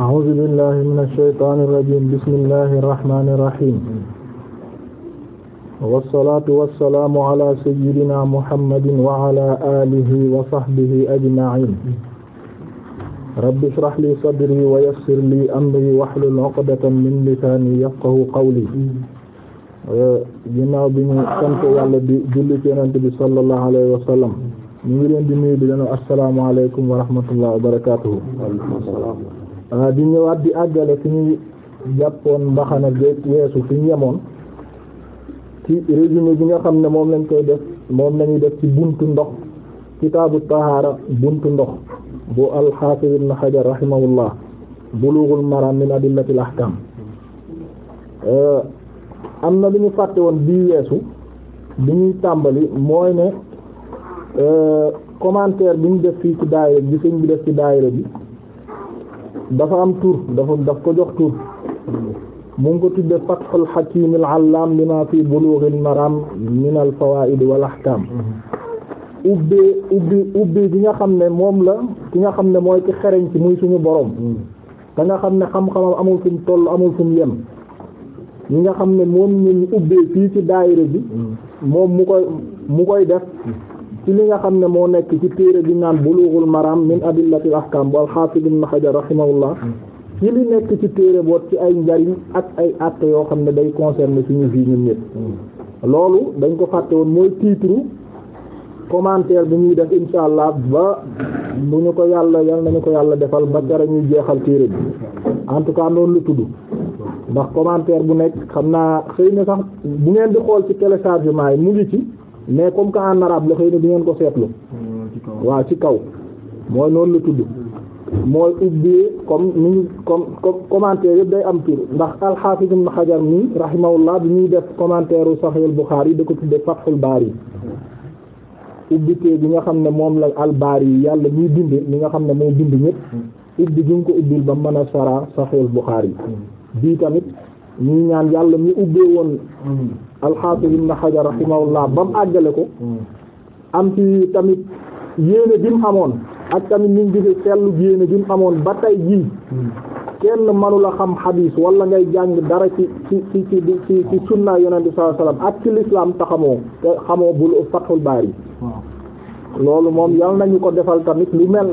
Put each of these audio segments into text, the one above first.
أعوذ بالله من الشيطان الرجيم بسم الله الرحمن الرحيم والصلاة والسلام على سيدنا محمد وعلى آله وصحبه أجمعين رب اشرح لي صدري ويسر لي أمري واحلل عقدة من لساني يفقه قولي ginnaaw bi ñu sant Yàlla di julli ci Yonent bi sallallahu alayhi wa sallam ñu ngi leen di nuyu di leen assalaamu alaykum wa rahmatullahi wa barakatuhu di ñëwaat di àggale fi ñu jàppoon mbaxana géej weesu fi ñu yemoon ci résumé bi nga xam ne moom lañ koy def moom lañuy def ci buntu ndox kitaabu tahaara buntu ndox bu al-Hafiz ibn Hajar rahimahullah Bulughul Maram min adillatil euh, am na lu ñu fàtte woon bii weesu bi ñuy tàmbali mooy ne euh, commentaire bi ñu def fii ci daayira bi sëñ bi def ci daayira bi dafa am tur dafa daf ko jox tur mu ngi ko tudde fathul hakim al allam lima fi bulughil maram min al fawaid wal ahkam ubbee ubbi ubbi nga xam ne moom la ki nga xam ne mooy ci xereñ ci muy suñu borom da xam ne xam-xamam amul fu mu toll amul fu yem ñi nga xam ne moom ñu ubbee fii ci daayira bi moom mu koy mu koy def ci li nga xam ne moo nekk ci téere bi naan bulughul maram min adillatil ahkam bu al-hafiz ibn hajar rahimahullah hmm. ci li nekk ci téere boot ci ay njariñ ak ay àtte yoo xam ne day concerner suñu vie ñun ñëpp hmm. loolu dañ ko fàtte woon mooy titre commentaire bi ñuy def insha allah ba bu ñu ko yàlla yal nañu ko yàlla defal ba dara ñuy jeexal téere bi en tout cas noonu lu tudd ndax commentaire bu nekk xam naa xëy sax bu ngeen di xool ci téléchargement yi mu mais comme que en arabe la xëy na du ngeen ko seetlu waaw ci kaw mooy noonu la tudd mooy ubbee comme ni ñu comme commentaire yëpp day am tur ndax al-Hafiz Ibn Hajar mi rahimahullah bi ñuy def commentaire u Sahih al-Bukhari da ko tudde yi Bari ubbitee bi nga xam ne moom la al baar yi yàlla ñuy bind li nga xam ne mooy bind ñëpp ubbi gi nga ko ubbil ba mën a sara Sahih al-Bukhari bii tamit ñuy ñaan yàlla mi ubbee woon alxaafis ibn Hajar rahimahullah ba mu àggale ko am ci tamit yéene bi mu amoon ak tamit ni mu gisee sellu yéene bi mu amoon ba tey jii kenn mënula xam xadiis wala ngay jàng dara ci ci ci ci ci ci sunna yonent bi sallallahu ak ci lislaam te xamoo te xamoo bul Fathul Baari loolu moom yal nañu ko defal tamit lu mel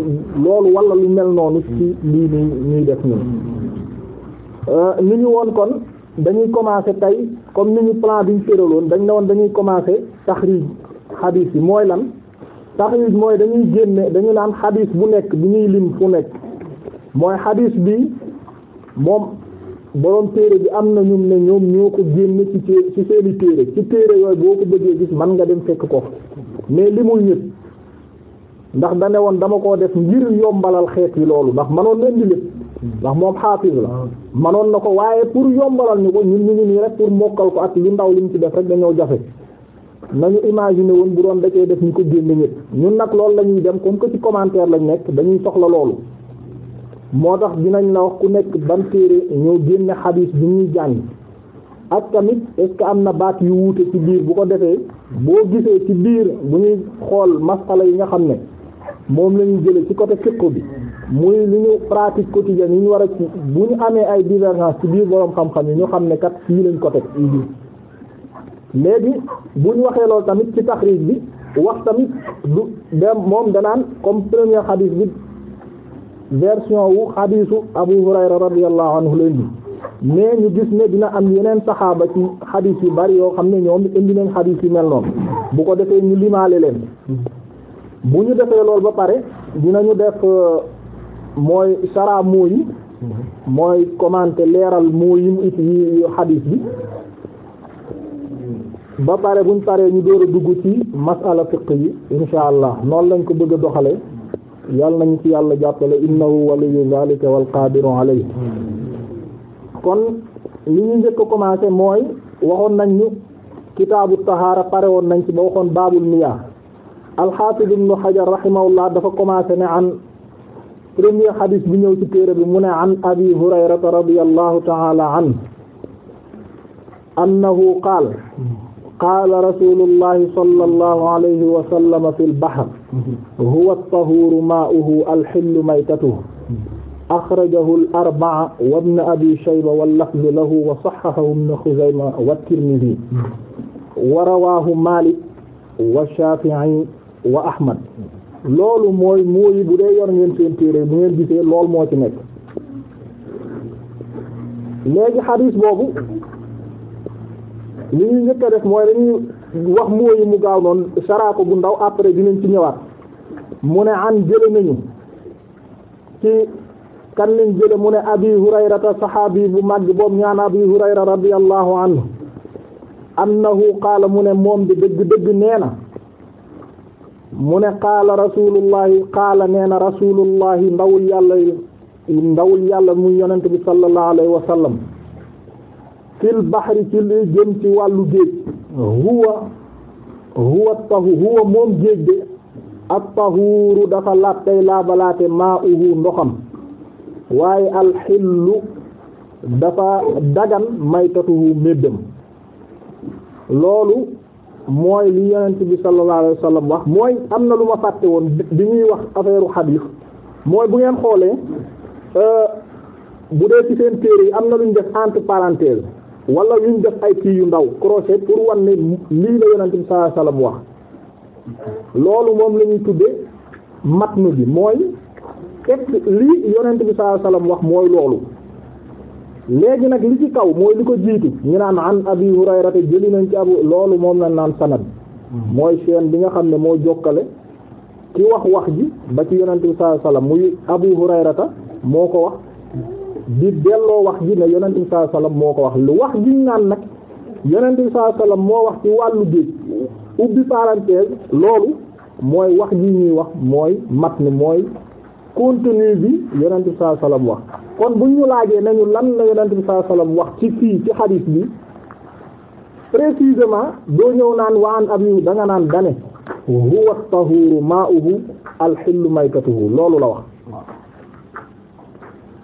loolu wala lu mel noonu ci lii ni ñuy def ñun mm-hmm. euh, ni ñu woon kon dañuy commencer tey comme ni ñu plan bi ñu tëraloon dañ ne woon dañuy commencer taxrij xadiis yi mooy lan taxrij mooy dañuy génne dañu naan xadiis bu nekk bu ñuy lim fu nekk mooy xadiis bi moom borom téere bi am na ñum ne ñoom ñoo ko génne ci ci seeni téere ci téere yooyu boo ko bëggee gis man nga dem fekk ko mais limul ñëpp ndax da ne woon dama koo def ngir yombalal xeet yi loolu ndax manoon leen di lépp ndax moom xaafis la manoon na ko waaye pour yombalal ñu ko ñun ñu ngi nii rek pour mokkal ko ak lu ndaw li mu ci def rek dañoo jafe nañu imaginer woon bu doon da cee def ñu ko génn ñëpp ñun nag loolu la dem comme que ci commentaire lañ nekk dañuy soxla loolu moo tax dinañ la wax ku nekk ban téere ñoo génne xadiis bi ñuy jàng ak tamit est am na baat yu wuute ci biir bu ko defee boo gisee ci biir bu ñuy xool masala yi nga xam ne moom la ñu jëlee ci côté fiqh bi muy li ñu pratique quotidienne yi ñu war a ci bu ñu amee ay divergence ci biir borom xam-xam yi ñu xam ne kat fii lañ ko teg léegi bu ñu waxee loolu tamit ci taxriij bi wax tamit du dem moom danaan comme premier xadiis bi version wu xadiisu Abu Hurayra radiyallahu anhu leen bi mais ñu gis ne dina am yeneen saxaaba ci xadiis yu bari yoo xam ne ñoom indi nañ xadiis yu mel noonu bu ko defee ñu limaale leen bu ñu defee lool ba pare dinañu def euh, mooy sara mooyi mooy commenter leeral mooyim it yi xadiis bi ba pare buñ paree ñu door a dugg ci masala fiq yi insha allah noon lañ ko bëgg doxale yàlla nañu ci yàlla jàppale innahu waliyu zalika wal qadiru alayhi kon li ñu njëkk a commencé mooy waxoon nañ ñu kitaabu tahaara pare woon nañ ci ba waxoon baabul miyaa alxaafid ibnu xajar rahimahullah dafa commencé ne an premier xadis bi ñëw ci téere bi mu ne an abi hurayrata radiyallahu ta'ala an annahu qaal qaala rasulullahi sallallahu alayhi wa sallam fi lbahr huwa at-tahuuru maa'uhu al-hillu maytatuhu axrajahu al-arba'a wa ibnu abi shayba wal-lafzu lahu wa sahhahahu ibnu xuzayma wa at-tirmidhi wa rawaahu maalik wa shaafi'i wa ahmad loolu mooy mooyi bu dee yor ngeen seen téere bu ngeen gisee loolu moo ci nekk léegi xadiis boobu li ñu njëkk a def mooy dañuy wax mooyi mu gaaw noonu saraa bu ndaw après dinañ ci ñëwaat mu ne an jële nañu ci kan lañ jële mu ne abi hurayrata saxaabi bu màgg boobu ñaan abi hurayra radiyallahu anhu annahu qaala mu ne moom bi dëgg dëgg nee na mu ne qaala rasulullahi qaala nee na rasulullahi ndawul yàlla ndawul yàlla muy yonent bi sallallahu alayhi wa sallam bahri ci li jëm ci wàllu géej huwa huwa tahu huwa géej de at-tahuuru dafa laat tey laabalaate maa ndoxam waaye alxillu dafa dagan maytatuhu méddam loolu mooy li yonent bi sallallahu wax mooy am na lu ma fàtte woon bi ñuy wax affaire xadiis mooy bu ngeen xoolee euh, bu dee ci seen téere yi am na lu def entre parenthèse wala lu def ay kii yu ndaw crochet pour wan ne lii la yonent bi sallallahu wax loolu moom lañuy ñuy tuddee matnu bi mooy teg lii yonent bi sallallahu alayhi wa wax mooy loolu. léegi nag li ci kaw mooy li ko jiitu ñu naan an abi hurayrata jëli nañ ci abu loolu moom lañ naan sanad hmm. mooy seen bi nga xam ne moo jokkale ki wax wax ji ba ci yonente bi sallallahu alayhi muy abu hurayrata moo ko wax di delloo wax ji ne yonente bi sallallahu moo ko wax lu wax ji naan nag yonente bi sallallahu alayhi moo wax ci wàllu géej ubbi parenthèse loolu mooy wax ji ñuy wax mooy mat ni mooy contenu bi yonent bi sallallahu alayhi wax kon bu ñu laajee nañu lan la yonent bi sallallahu wax ci fii ci xadiis bi précisément doo ñëw naan waan ab yu da naan dane huwa tahuuru maa'uhu alxillu maytatuhu loolu la wax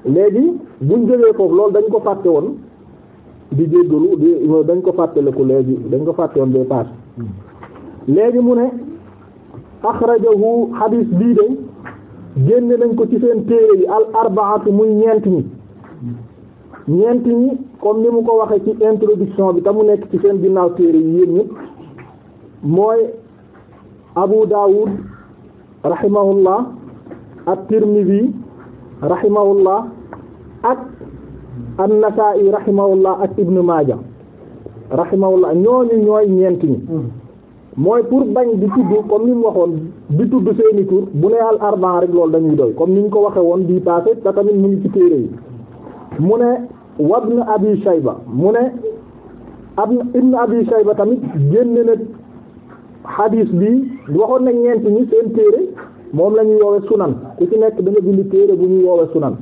léegi buñ jógee foofu loolu dañ ko fàtte woon di jéggalu dañ ko fàttaliku léegi dañ ko fàtte woon bee paas léegi mu ne axrajahu xadiis bii de génne nañ ko ci seen téere yi al arbaatu muy ñeent ñi ñeent ñi comme ni mu ko waxee ci introduction bi te mu nekk ci seen ginnaaw téere yi yéen ñëpp mooy Abu Dawud rahimahullah at-Tirmidhi rahimahullah ak an-Nasa'i rahimahullah ak Ibn Majah rahimahullah ñooñu ñooy ñeent ñi mm-hmm. mooy pour bañ di tudd comme ni mu waxoon di tudd seeni tur bu ne al rek loolu dañuy doy comme ni ñu ko waxee woon bii passé te tamit mu ngi ci téere yi mu ne wabn abi shayba mu ne ab ibn abi shayba tamit génne na xadiis bi waxoon na ñeent ñi seen téere moom lañuy ñuy yoowe sunan ku ci nekk da nga bind téere bu ñuy yoowe sunan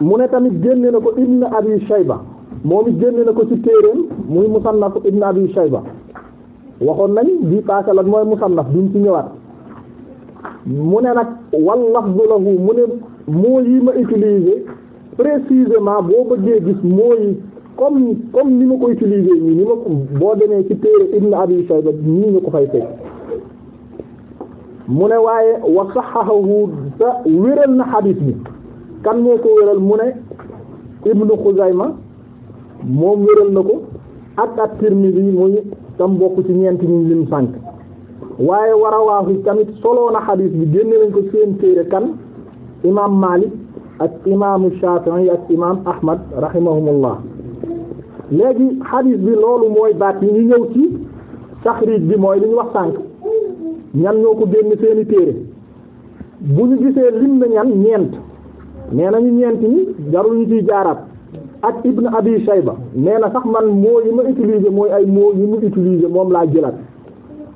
mu ne tamit génne na ko ibn abi shayba moom it génne na ko ci téeréem muy musannaf ibn abi shayba waxoon nañ bii paase lan mooy musannaf duñ ci ñëwaat mu ne nag wal lafzu lahu mu ne moo yi ma utiliser précisément boo bëggee gis mooy comme comme ni ma ko utiliser nii ni ma ko boo demee ci téere ibn abi shayba nii nga ko fay fekk mu ne waaye wa saxahahu te wéral na xadiis bi kan moo ko wéral mu ne ibnu xuzayma moom wéral na ko ak at-Tirmidhi muy tam bokk ci ñeent ñi lim sànk waaye warawaahu tamit solo na xadiis bi génne nañ ko seen téere kan imaam Maalik ak imaamu Shaafi'i ak imaam Ahmad rahimahumullah léegi xadiis bi loolu mooy baat yi ñu ñëw ci taxriij bi mooy li wax sànk ñan ñoo ko génn seeni téere bu ñu gisee lim na ñan ñeent nee nañu ñeent ñi jarul ñu ciy jaaraat ak Ibn Abi Shayba nee na sax man moo yi ma utilisé mooy ay moo yi mu utilisé moom laa jëlaat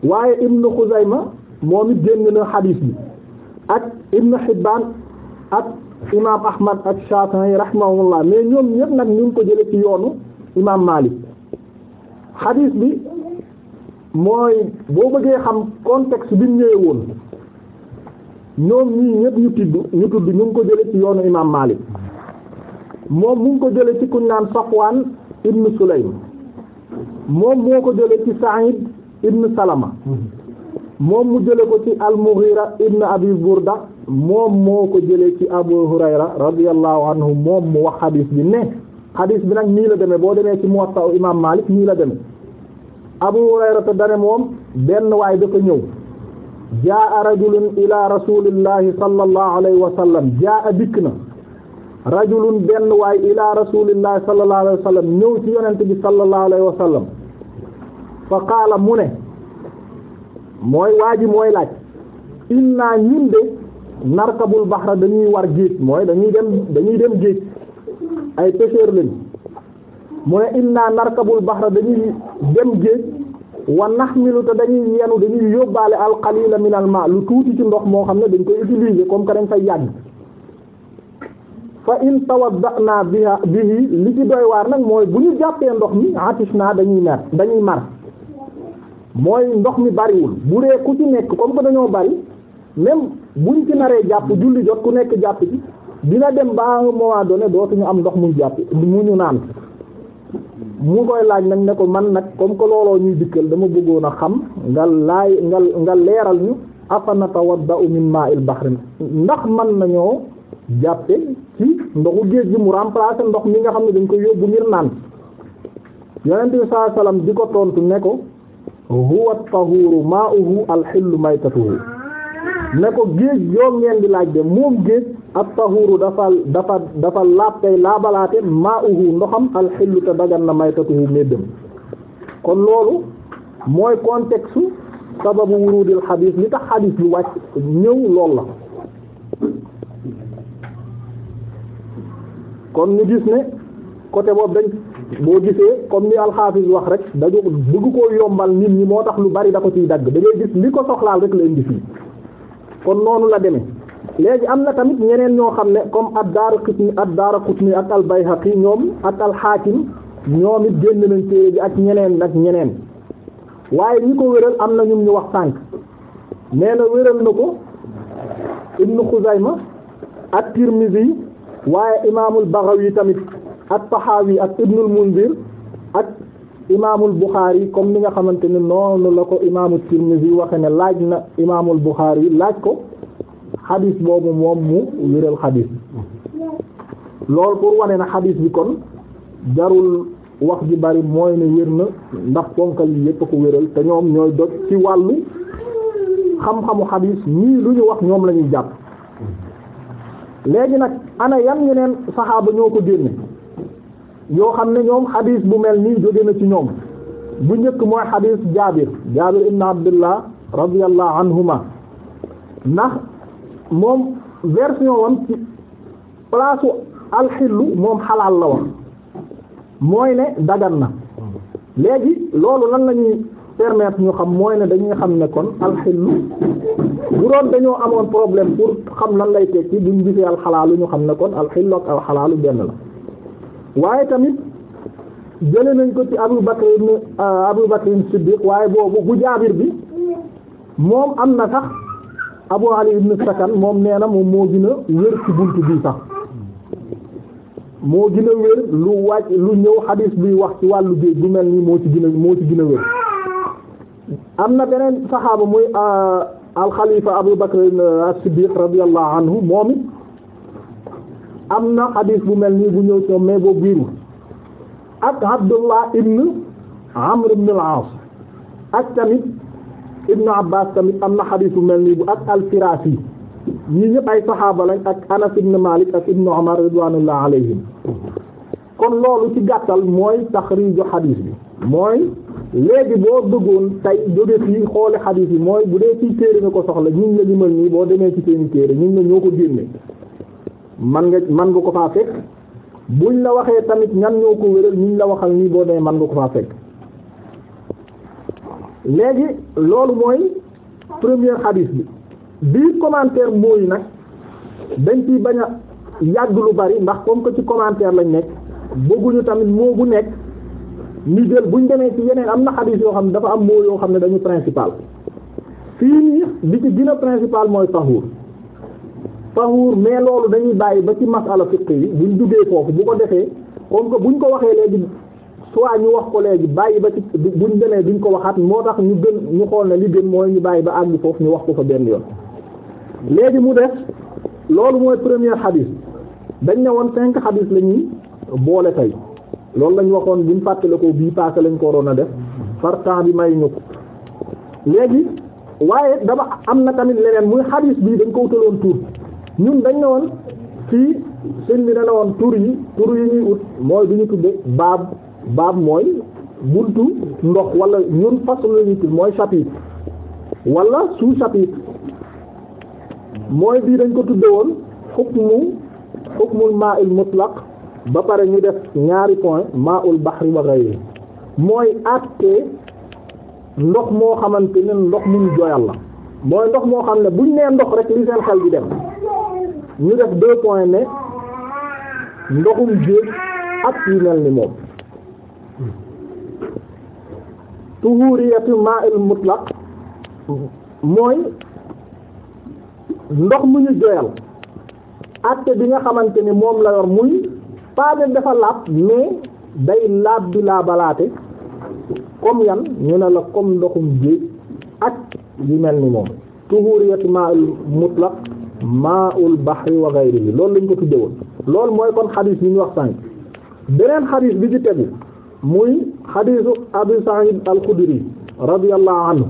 waaye Ibn Xuzayma moom it génn na xadiis bi ak Ibn Hibbaan ak imaam Ahmad ak Shaafi'i rahimahullah mais ñoom ñëpp nag ñu ngi ko jële ci yoonu imaam Maalik xadiis bi mooy boo bëggee xam contexte bi mu ñëwee woon ñoom ñii ñëpp ñu tudd ñu ñu ngi ko jële ci yoonu imaam Maalik moom mu ngi ko jële ci kuñ naan Safwan ibn Sulaym moom moo ko jële ci Sa'id ibn Salama moom mu jële ko ci al-Mughira ibn Abi Burda moom moo ko jële ci Abu Hurayra radiyallahu anhu moom mu wax xadiis bi ne xadiis bi nag nii la demee boo demee ci Muwatta Imam Malik nii la demee Abu Hurayra te dane moom benn waay dafa ñëw jaa rajulun ila rasulillahi sallallahu alayhi wa sallam jaa dikk na rajulun benn waay ila rasulillah sallallahu alayhi wa sallam ñëw ci yonent bi sallallahu alayhi wa sallam fa qaala mu ne mooy waa ji mooy laaj inna ñun de narkabul bahra dañuy war géej mooy dañuy dem dañuy dem géej ay pêcheurs lañ mu ne inna narkabul bahra dañuy dem géej wa nahmilu te dañuy yenu dañuy yóbbaale al qalila min al ma lu tuuti ci ndox moo xam ne dañ koy utiliser comme que dañ koy yàgg fa in tawadda'na biha bihi li ci doy waar nag mooy bu ñu jàppee ndox mi atish naa dañuy mer dañuy mar mooy ndox mi bariwul bu dee ku ci nekk comme que dañoo bari même buñ ci naree jàpp julli jot ku nekk jàpp bi dina dem ba un moment donné dootuñu am ndox mu jàpp mu ñu naan mu koy laaj nag ne ko man nag comme que looloo ñuy dikkal dama bëggoon a xam nga laay nga nga leeral ñu afanatawadda'u min ma'il bahrin ndax man nañoo jàppe si ndoxu géej gi mu remplacer ndox mi nga xam ne dañ koy yóbbu ngir naan yonent saa salaam di ko tontu ne ko huwa at-tahuru ma'uhu al-hillu maytatuhu ne ko géej yoo ngeen di laaj de moom géej at-tahuru dafa dafa dafa laab al-hillu te dagan na maytatuhu meddam kon loolu mooy contexte sababu wurudil xadiis li tax xadiis bi wàcc ñëw lool la kon ñu gis ne côté boobu dañ boo gisee comme ni alxaafis wax rek dañu bëgg koo yombal nit ñi moo tax lu bari da ko ciy dagg da ngay gis li ko soxlaal rek la indi fii kon noonu la demee léegi am na tamit ñeneen ñoo xam ne comme at daaraqutni ad-Daaraqutni ak al-Bayhaqi ñoom ak al-Haakim ñoom it génn nañ téere ak ñeneen ak ñeneen waaye ñi ko wéral am na ñum ñu wax sànq nee na wéral na ko Ibnu Xuzayma ak Tirmizi waaye imaamul Baghawi tamit ak Tahawi ak Ibnul Munzir ak imaamul Bukhari comme ni nga xamante ne noonu la ko imaamul Tirmidhi waxe ne laaj na imaamul Bukhari laaj ko xadis boobu moom mu wéral xadis loolu pour wane na xadis bi kon jarul wax ji bari mooy ne wér na ndax ponkal yi yépp ko wéral te ñoom ñooy doj ci wàllu xam-xamu xadis nii lu ñu wax ñoom lañuy ñuy jàpp léegi nag ana yam yeneen saxaaba ñoo ko génne yoo xam ne ñoom xadiis bu mel nii jóge na ci ñoom bu njëkk mooy xadiis jaabir jaabir ibn abdullah radiyallahu anhuma ndax moom version wam ci place alxillu moom xalaal la wax mooy ne dagan na léegi loolu lan lañuy permettre ñu xam mooy ne dañuy xam ne kon alxillu bu doon dañoo amoon problème pour xam lan lay tekki duñ gisee alxalaalu ñu xam ne kon alxillu ak alxalaalu benn la waaye tamit jële nañ ko ci Abu Bakr ibn euh, Abu Bakr Siddiq waaye boobu bu jaabir bi moom am na sax Abu Ali ibn Sakan moom nee na moom moo gën a wér ci buntu bii sax moo gën a wér lu wàcc lu ñëw xadis bi wax ci wàllu géej bu mel ni moo ci gën a moo ci gën a wér am na beneen saxaaba muy euh, alxalifa Abu Bakr as-Siddiq radiyallahu anhu moom it am na xadiis bu mel nii bu ñëw ci mais boobu biiru ak Abdullah ibn Amr ibn al-As ak tamit Ibn Abbas tamit am na xadiis bu mel nii bu ak al-Firasi ñi ñëpp ay saxaaba lañ ak Anas ibn Malik ak Ibn Umar ridwanullah alayhim kon loolu ci gàttal mooy taxriiju xadiis bi mooy léegi boo bëggoon tey jóge fii xoole xadiis yi mooy bu dee ci téere nga ko soxla ñun la limal nii boo demee ci seeni téere ñun ne ñoo ko génne man nga man nga ko faa fekk buñ la waxee tamit ñan ñoo ko wéral ñu la waxal nii boo demee man nga ko faa fekk léegi loolu mooy premier xadiis bi biir commentaire mooy nag dañ ciy bañ a yàgg lu bari ndax comme que ci commentaire lañ nekk bëgguñu tamit moo bu nekk ñu jël buñ demee ci yeneen am na xadis yoo xam ne dafa am moo yoo xam ne dañu principal fii nii li ci gën principal mooy tahuur tahuur mais loolu dañuy bàyyi ba ci masala fiqh yi buñ duggee foofu bu ko defee comme que buñ ko waxee léegi soit ñu wax ko léegi bàyyi ba ci buñ demee duñ ko waxaat moo tax ñu gën ñu xool ne li gën mooy ñu bàyyi ba àgg foofu ñu wax ko fa benn yoon léegi mu def loolu mooy premier xadis dañ ne woon cinq xadis lañuy ñuy boole tey loolu lañ waxoon buñ fàttale ko bii paase lañ ko waroon a def par temps bi may ñu ko léegi waaye dama am na tamit leneen muy xadiis bii dañ ko wutaloon tur ñun dañ ne woon fii sëñ bi ne na woon tur yi tur yi ñuy ut mooy du ñu baab baab mooy buntu ndox wala ñun façon la ñuy tudd mooy chapitre wala sous chapitre mooy bii dañ ko tudde woon xukmu xukmul ma'il mutlaq ba pare ñu def ñaari point maul bahri wa ghayri mooy àttee ndox moo xamante ne ndox mu ñu joyal la mooy ndox moo xam ne buñ nee ndox rek li seen xel bi dem ñu def deux points ne ndoxum géej ak yu mel ni moom tuhuriyatu ma'il mutlaq mooy ndox mu ñu joyal àtte bi nga xamante ni moom la muy pas de dafa laab mais day laab di laabalaate comme yan ñu ne la comme ndoxum géej ak yu mel ni moom tuhuriyat ma'ul mutlaq ma'ul bahri wa ghayrihi loolu lañ ko tudde woon loolu mooy kon xadis yu ñu wax sànq beneen xadis bi ci tegu muy xadisu Abu Sa'id al-Khudri radiyallahu anhu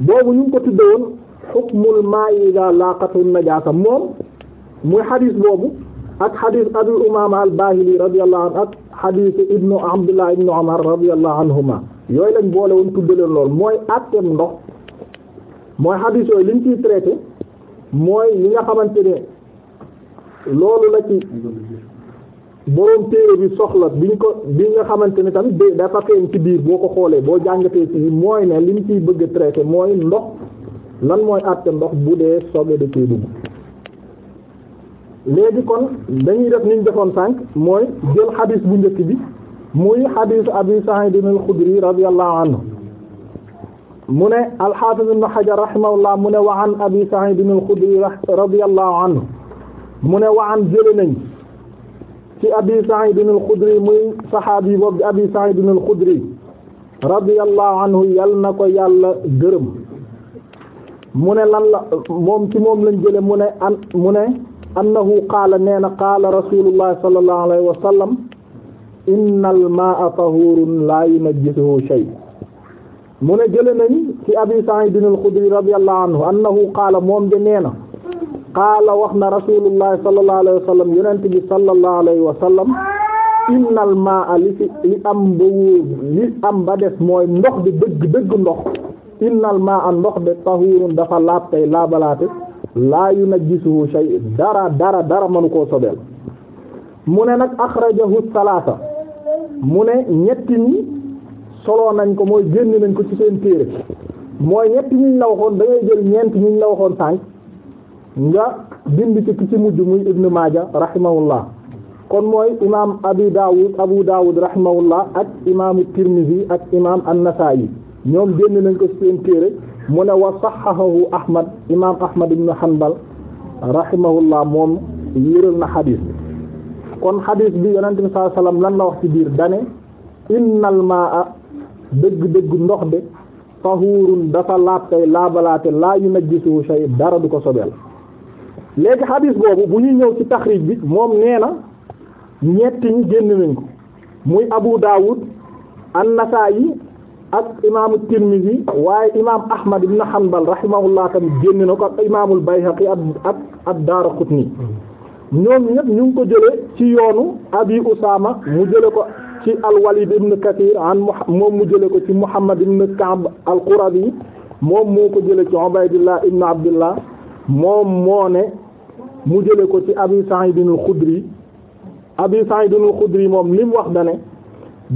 boobu ñu ngi ko tudde woon hukmul ma'i idha laqatu najasa moom muy xadis boobu ak xadiis abi umaama al baahili radiyallahu anhu ak xadiis ibnu abdullah ibnu umar radiyallahu anhuma yooyu lañ boole woon tuddaleen lool mooy àtteem ndox mooy xadiis yooyu liñ traité mooy li nga xamante ne loolu la ci boroom téere bi ñu ko bi nga xamante ne tamit d dafa feeñ ci biir boo ko xoolee boo jàngatee ci mooy ne liñ ciy bëgg a traité mooy ndox lan mooy àtte ndox bu dee sobe da cee dugg léegi kon dañuy def niñ defoon sànq mooy jël xadis bu njëkk bi muy xadis abi sa'id al-xudri radiyallahu anhu mu ne al-hafiz ibn hajar rahimahullah mu ne wa an abi sa'id al-xudri radiyallahu anhu mu ne wa an jële nañ ci abi sa'id al-xudri muy saxaabi boobu di abi sa'id al-xudri radiyallahu anhu yal na ko yàlla gërëm mu ne lan la moom ci moom lañ jële mu ne an mu ne annahu qaala nee na qaala rasulullah sallallahu alayhi wa sallam innal maa'a tahuurun laa yunajjisuhu shay mu ne jële nañ ci abi sa'idin al-xudri radiyallahu anhu annahu qaala moom de nee na qaala wax na rasulullah sallallahu alayhi wa sallam yonent bi sallallahu alayhi wa sallam innal maa'a li fi li am ba wóor li am ba des mooy ndox bi dëgg dëgg ndox innal maa'a ndox de tahuurun dafa laab tey laabalaate laa yu najjisuhu shay dara dara dara mënu koo sobeel mu ne nag axrajahu salaasa mu ne ñetti ñi soloo nañ ko mooy génn nañ ko ci seen téere mooy ñetti ñiñ la waxoon da ngay jël ñeent ñiñ la waxoon sànq nga bind ci ki ci mujj muy ibnu maaja rahimahullah kon mooy imaam abi daawud abu daawud rahimahullah ak imaamu tirmidhi ak imaam an-nasaa'i ñoom génn nañ ko seen téere mu ne wa saxahahu ahmad imam ahmad ibn hanbal rahimahullah moom yéral na xadiis bi kon xadiis bi yonente bi sallallahu alayhi lan la wax ci biir dane innal maa dëgg-dëgg ndox de tahurun dafa laab tey laabalaate laa yunajjisuhu shay dara du ko sobeel léegi xadiis boobu bu ñu ñëw ci taxrij bi moom nee na ñetti ñi génn nañ ko muy Abu Dawud an-Nasa'i ak imaamu Tirmidhi waaye imaam Ahmad ibn Hanbal rahimahullah tamit génn na ko ak imaamul Bayhaqi ak ak ak Daraqutni ñoom ñu ngi ko jëlee ci yoonu Abi Usama mu jële ko ci al-Walid ibn Kathir moom mu jële ko ci Muhammad ibn Ka'b al-Qurazi moom moo ko jële ci Ubaydillah ibn Abdullah moom moo ne mu jële ko ci Abi Sa'id al-Khudri Abi Sa'id al-Khudri moom li mu wax da ne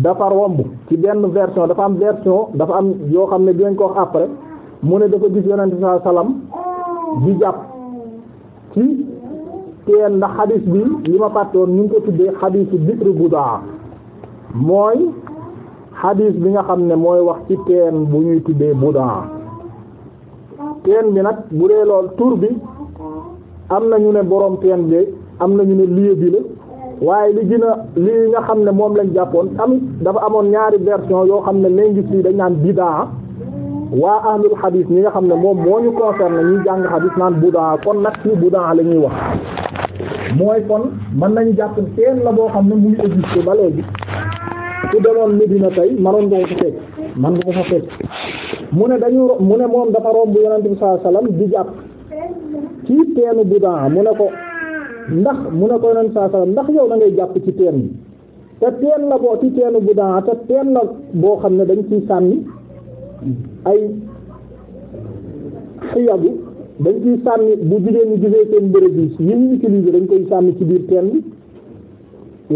dafa romb ci benn version dafa am version dafa am yoo xam ne dinañ ko wax après mu ne dafa gis yonent bi sallallahu alayhi di jàpp ci teen ndax xadis bi li ma fàtte ñu ngi ko tuddee xadisu bitru budaa mooy xadis bi nga xam ne mooy wax ci teen bu ñuy tuddee budaa teen bi nag bu dee lool tur bi am na ñu ne borom teen bi am na ñu ne lieu bi la waaye li jina a li nga xam ne moom lañ jàppoon tamit dafa amoon ñaari version yoo xam ne linguistes yi dañ naan bidaa waa ahlul hadith ñi nga xam ne moom moo ñu concerne ñu jàng hadith naan budaa kon nag ci budaa la wax mooy kon mën nañu jàpp teen la boo xam ne mu ngi ba léegi su demoon Medina tey manoon nga ko fekk man nga ko fa fekk mu ne dañu mu ne moom dafa romb yonent bi sallallahu alayhi wasallam di jàpp ci teenu budaa mu ne ko ndax mu ne ko yonent saa salaam ndax yow da ngay jàpp ci teen bi te teen la boo ci teenu bu teen la boo xam ne dañ ciy sànni ay xiyabu dañ ciy sànni bu jigéen ñi gisee seen bërëb yi yi ñu utiliser dañ koy sànni ci biir teen bi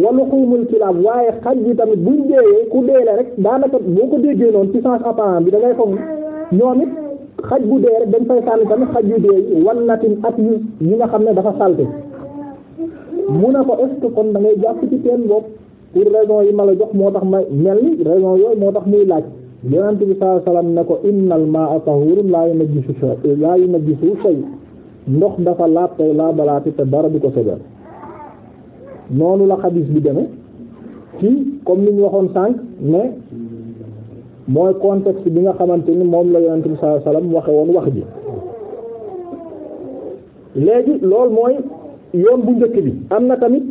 wala xuumul kilaab waaye xaj yi tamit buñ deewee ku deele rek daanaka boo ko déggee noonu ci sens apparent bi da ngay foog ñoom bu dee dañ fay sànni tamit xaj yu dee wannatin at yu yi nga xam ne dafa salte mu ne ko est-ce que kon da ngay jàpp ci seen bopp pour raison yi ma la jox moo tax ma mel ni raison yooyu moo tax muy laaj yonent bi sallallahu alayhi wasallam ne ko innal ma'a tahurun laa yunajjisu shay laa yunajjisu ndox dafa laab tey te dara du ko sebel noonu la xadis bi demee ci comme ni waxoon sànq mais mooy contexte bi nga xamante ni moom la yonent bi sallallahu alayhi wasallam waxe wax ji léegi loolu mooy yoon bu njëkk bi am na tamit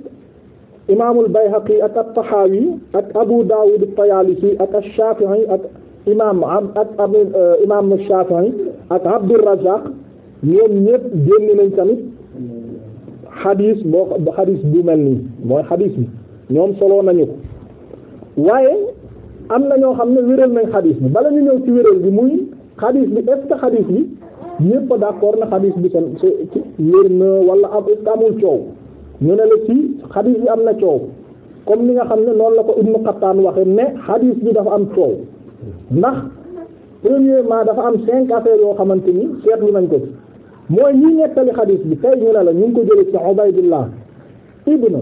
imaamul Bayhaqi ak at-Tahawi ak Abu Dawud tayalisi ak ash-Shafi'i ak imaam ak ab euh, imaam ash-Shafi'i ak Abdurrazzaq ñoom ñëpp génn nañ tamit xadiis boo xadiis bu mel nii mooy xadiis bi ñoom solo nañu ko waaye am na ñoo xam ne wéral nañ xadiis bi bala ñu ñëw ci wéral bi muy xadiis bi est xadiis bi ñëpp d'accord na xadis bi seen wér na wala amul coow ñu ne la ci xadis bi am na coow kon ni nga xam ne noonu la ko Ibnu Qattaan waxe ne xadis bi dafa am coow ndax premièrement dafa am cinq affaires yoo xamante ni seetlu nañ ko ci mooy ñi nettali xadis bi tey ñu ne la ñu ngi ko jële ci ibnu ibnu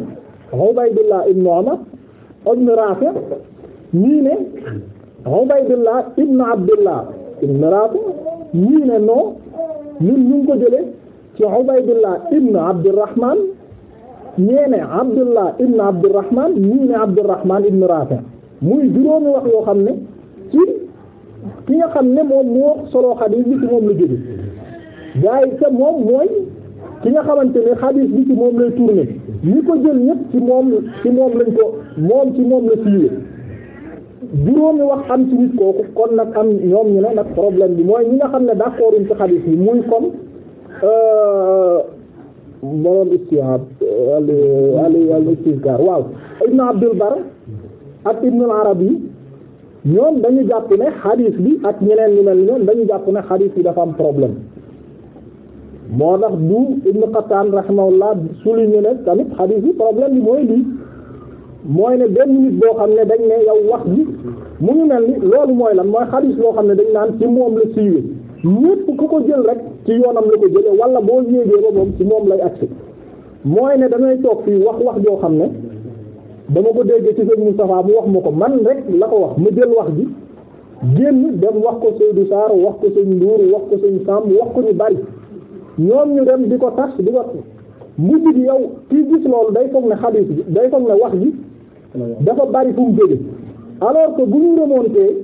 Umar ibnu Rafi ñii ne ibnu Abdullah ibnu Rafi ñii ne non ñun ñu ngi ko jëlee ci Ubaydullah ibn Abdurrahman ñee ne Abdullah ibn Abdurrahman ñii ne Abdurrahman ibn Rafi muy juróomi wax yoo xam ne ci ki nga xam ne moom mu wax solo xadiis bi ci moom la jóge gaa yi moom mooy ki nga xamante ne xadiis bi ci moom lay tourné ñi ko jël ñëpp ci moom ci moom lañ ko moom ci moom la siiwee juróomi wax am ci nit kooku kon nag am ñoom ñu ne nag problème bi mooy ñi nga xam ne d'accord ci xadiis bi muy comme euh, borom istihaab al al al istizkar waaw ibn abdul bar ak ibn al yi ñoom dañu jàpp ne xadiis bi ak ñeneen ñu mel ni ñoom dañu jàpp ne xadiis bi dafa am problème moo tax du ibn qattan rahimahullah souligné ne tamit xadiis bi problème bi mooy lii mooy ne benn nit boo xam ne dañ ne yow wax bi mu ngi mel ni loolu mooy lan mooy xadis boo xam ne dañ naan ci moom la siiwee ñépp ku ko jël rek ci yoonam la ko jëlee wala boo yéegee ba moom ci moom lay agsi mooy ne damay toog fii wax wax joo xam ne dama ko dégg ci sëñ Moustapha mu wax ma ko man rek la ko wax mu jël wax ji génn dem wax ko Seydou Sarr wax ko sëñ Ndour wax ko sëñ Samb wax ko ni bari ñoom ñu dem di ko tas di ko mujj gi yow kii gis loolu day foog ne xadis bi day foog ne wax ji dafa bari fu mu jóge alors que bu ñu remonté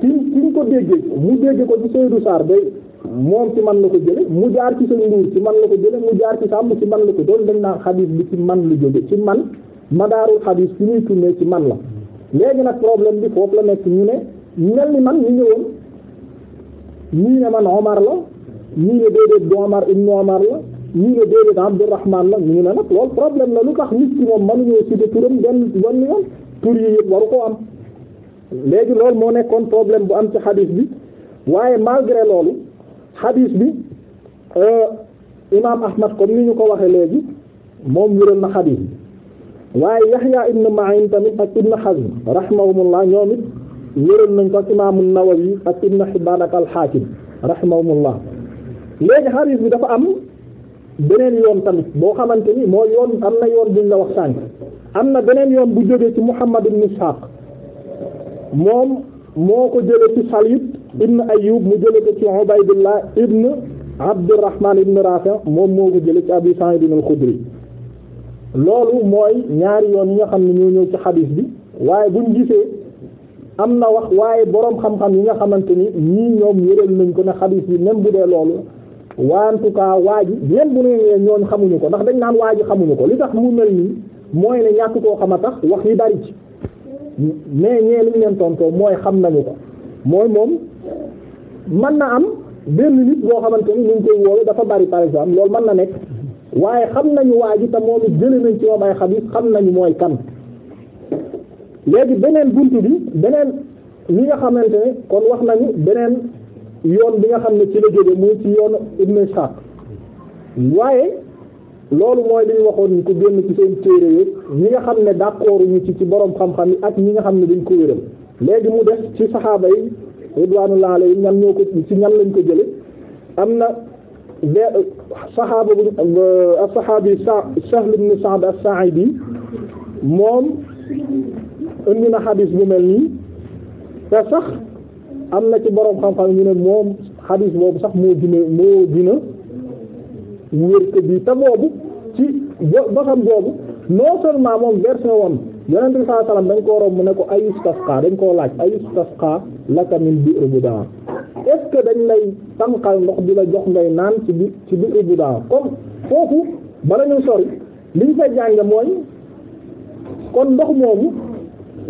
ci ci ko déggee mu dégg ko ci Seydou Sarr day moom ci man la ko jële mu jaar ci Sëñ Ndour ci man la ko jële mu jaar ci Samb ci man la ko doon dañ naa xadiis bi ci man la jóge ci man madaarul xadiis fi ñuy tourné ci man la léegi nag problème bi foofu la nekk ñu ne ñu mel ni man ñu ñëwoon ñii ne man Omar la ñii ne déedéet du Omar ibn Omar la ñii ne déedéet Abdurrahman la ñu ne nag loolu problème la lu tax nit ki moom mënuñoo cité turam benn benn yoon tur yi waru ko am léegi loolu moo nekkoon problème bu am ci xadiis bi waaye malgré loolu xadiis bi euh, imaam Ahmad ko ni ñu ko waxee léegi moom wéral na xadiis bi waaye Yahya ibn Ma'in tamit ak Ibn Hazm rahimahumullah ñoom it wéral nañ ko ak imaam an-Nawawi ak Ibn Hibbaan ak al-Haakim rahimahumullah léegi xadiis bi dafa am. beneen yoon tamit boo xamante ni moo yoon am na yoon buñ la wax sànq am na beneen yoon bu jógee ci Muhammad ibn Ishaq moom moo ko jëlee ci Salit ibn Ayyub mu jëlee ko ci Ubaydullah ibn Abdurrahman ibn Rafi' moom moo ko jëlee ci Abi Sa'id al-Khudri loolu mooy ñaari yoon yi nga xam ne ñoo ñëw ci xadiis bi waaye buñ gisee am na wax waaye boroom xam-xam yi nga xamante ni ñii ñoom yëral nañ ko ne xadiis bi même bu dee loolu en tout cas waa ji même bu nee ñoom xamuñu ko ndax dañ naan waa ji xamuñu ko li tax mu mel nii mooy ne ñàkk koo xam a tax wax yi bari ci mais ñee liñ leen tontoo mooy xam nañu ko mooy moom mën na am benn nit boo xamante ni ñu ngi koy woowe dafa bari par exemple loolu man na nekk waaye xam nañu waa ji te moom it jëlee nañ ci moom ay xam yi xam nañu mooy kan léegi beneen bunt bi beneen li nga xamante ne kon wax nañu beneen yoon bi nga xam ne ci la jóge mooy ci yoon Ibn Ishaq waaye loolu mooy li ñu waxoon ko génn ci seen téere yi ñi nga xam ne d'accord ñu ci ci borom xam-xam yi ak ñi nga xam ne dañ ko wéral léegi mu def ci saxaaba yi ridwanullahi alayhim ñan ñoo ko ci ñan lañ ko jële am na vers saxaaba bu euh, as-saxaabi Sahl ibn Sa'd as-Sa'idi moom indi na xadiis bu mel nii te sax am na ci borom xam-xam ñu ne moom xadis boobu sax moo dina moo dina wér ko bi te boobu ci basam boobu non seulement moom version woon yonent bi sallallahu alayhi wasallam dañ koo romb mu ne ko ayustasqa dañ koo laaj ayustasqa laka min bi'r budaa est-ce que dañ lay tànqal ndox di la jox ngay naan ci bi ci bi'r budaa comme foofu bala ñu sori liñ fa jàng mooy kon ndox moomu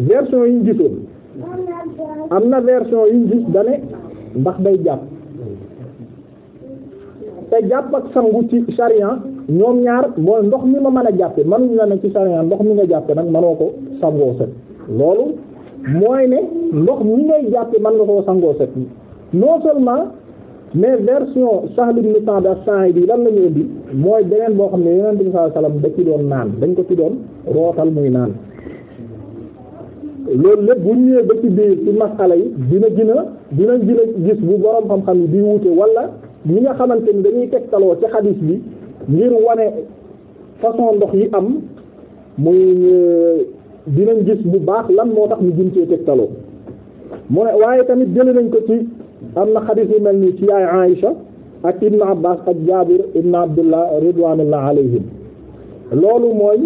version yi ñu gisoon am na version yu gis dane ndax day jàpp te jàpp ak sangu ci sariya ñoom ñaar mooy ndox mi ma mën a jàppe man la ne ci sariya ndox mi nga jàppe nag manoo ko sangoo set loolu mooy ne ndox mi ngay jàppe man nga koo sangoo set non seulement mais version Sahl ibn Sa'd as-Sa'idi bi lan la ñu indi mooy beneen boo xam ne Yonent bi sallallahu alayhi wasallam da ci doon naan dañ ko ci doon rootal muy naan loolu lépp bu ñëwee ba ci biir ci masala yi dina dina dina dina gis bu boroom xam-xam yi di wuute wala ñi nga xamante ni dañuy tegtaloo ci xadis bi ngir wane façon ndox yi am muy euh, dinañ gis bu baax lan moo tax ñu gën cee tegtaloo mu ne waaye tamit jëli nañ ko ci am na xadis yu mel nii ci yaay Aïcha ak Ibn Abbas ak Jaabir Ibn Abdullah ridwanullah alayhim loolu mooy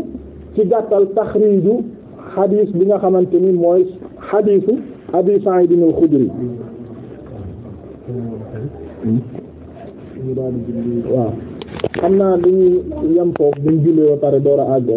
ci gàttal taxriiju xadiis bi nga xamante ni mooy xadiisu Abi Sa'id al-Khudri waaw xam naa dañuy yem foofu buñ jullee ba pare door a àgg